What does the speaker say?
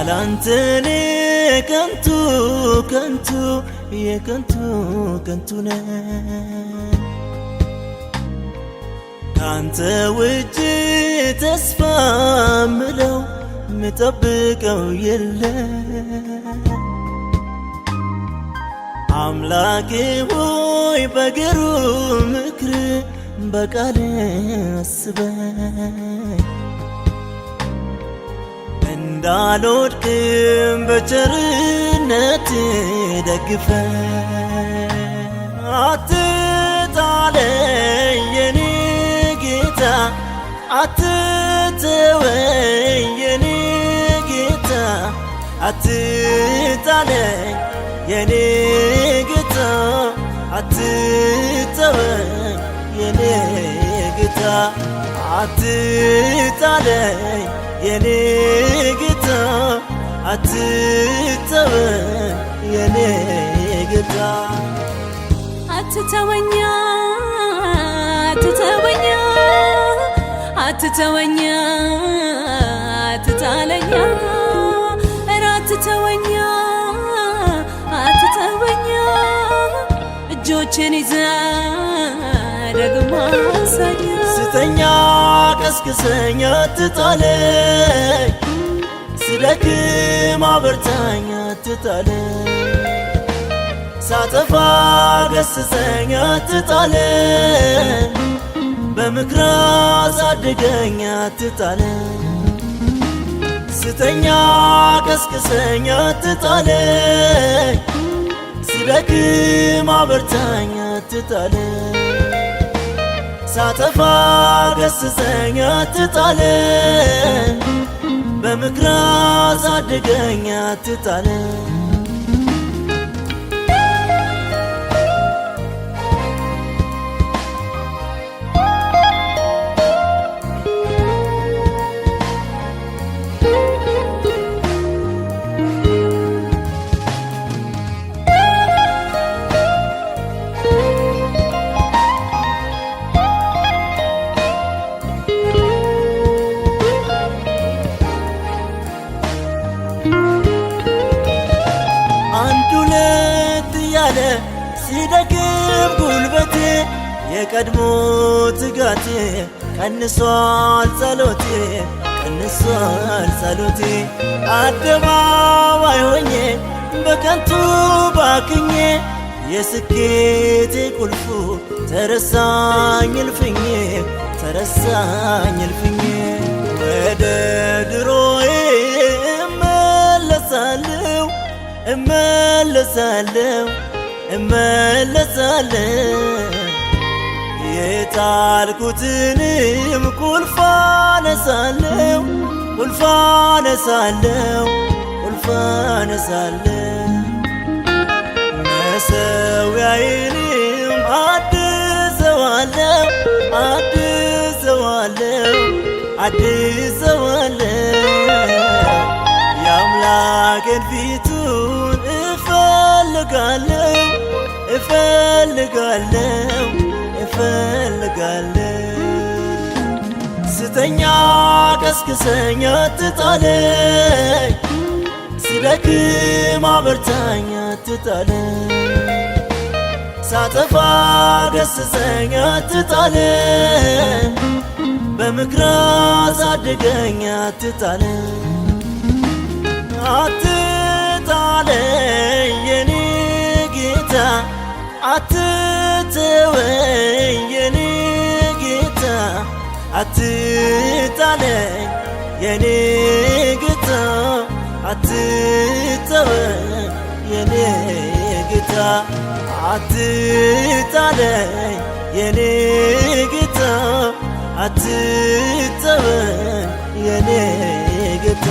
ያላንተ እኔ ከንቱ ከንቱ የከንቱ ከንቱ ነ ካንተ ውጭ ተስፋ ምለው ምጠብቀው የለ አምላኬ ሆይ በገሩ ምክር በቃል አስበኝ እንዳልወድቅም በቸርነት ደግፈ አትጣለኝ የኔ ጌታ፣ አትተወኝ የኔ ጌታ፣ አትጣለኝ የኔ ጌታ፣ አትተወኝ የኔ ጌታ፣ አትጣለኝ የኔ ጌታ አትተወን የኔ ጌታ አትተወኛ አትተወኛ አትተወኛ አትጣለኛ ኧረ አትተወኛ አትተወኛ እጆችን ይዘህ ደግሞ ስተኛ ቀስቅሰኝ አትጣለኝ፣ ስደክም አበርታኝ አትጣለኝ፣ ሳጠፋ ገስጸኝ አትጣለኝ፣ በምክራ አሳድገኝ አትጣለኝ፣ ስተኛ ቀስቅሰኝ አትጣለኝ፣ ስደክም አበርታኝ አትጣለኝ ሳጠፋ ገስጸኝ አትጣለን፣ በምክር አሳድገኝ አትጣለን። ሁለት እያለ ሲደክም ጉልበቴ የቀድሞ ትጋቴ ቀንሷል ጸሎቴ ቀንሷል ጸሎቴ አደባባይ ሆኜ በከንቱ ባክኜ የስኬቴ ቁልፉ ተረሳኝ እልፍኜ ተረሳኝ እልፍኜ ወደ ድሮዬ እመለሳለሁ እመለሳለሁ እመለሳለሁ የጣልኩትንም ቁልፍ አነሳለሁ ቁልፍ አነሳለሁ ቁልፍ አነሳለሁ መሰዊያዬንም አድሰዋለሁ አድሰዋለሁ አድሰዋለሁ እፈልጋለው እፈልጋለሁ እፈልጋለሁ ስተኛ ቀስቅሰኝ አትጣለኝ ስደክም አበርታኝ አትጣለኝ ሳጠፋ ገስሰኛ አትጣለኝ በምክራ አሳድገኝ አትጣለኝ አትጣለኝ የኔ ጌታ አትተወኝ የኔ ጌታ አትጣለኝ የኔ ጌታ አትተወኝ የኔ ጌታ አትጣለኝ የኔ ጌታ አትተወኝ የኔ ጌታ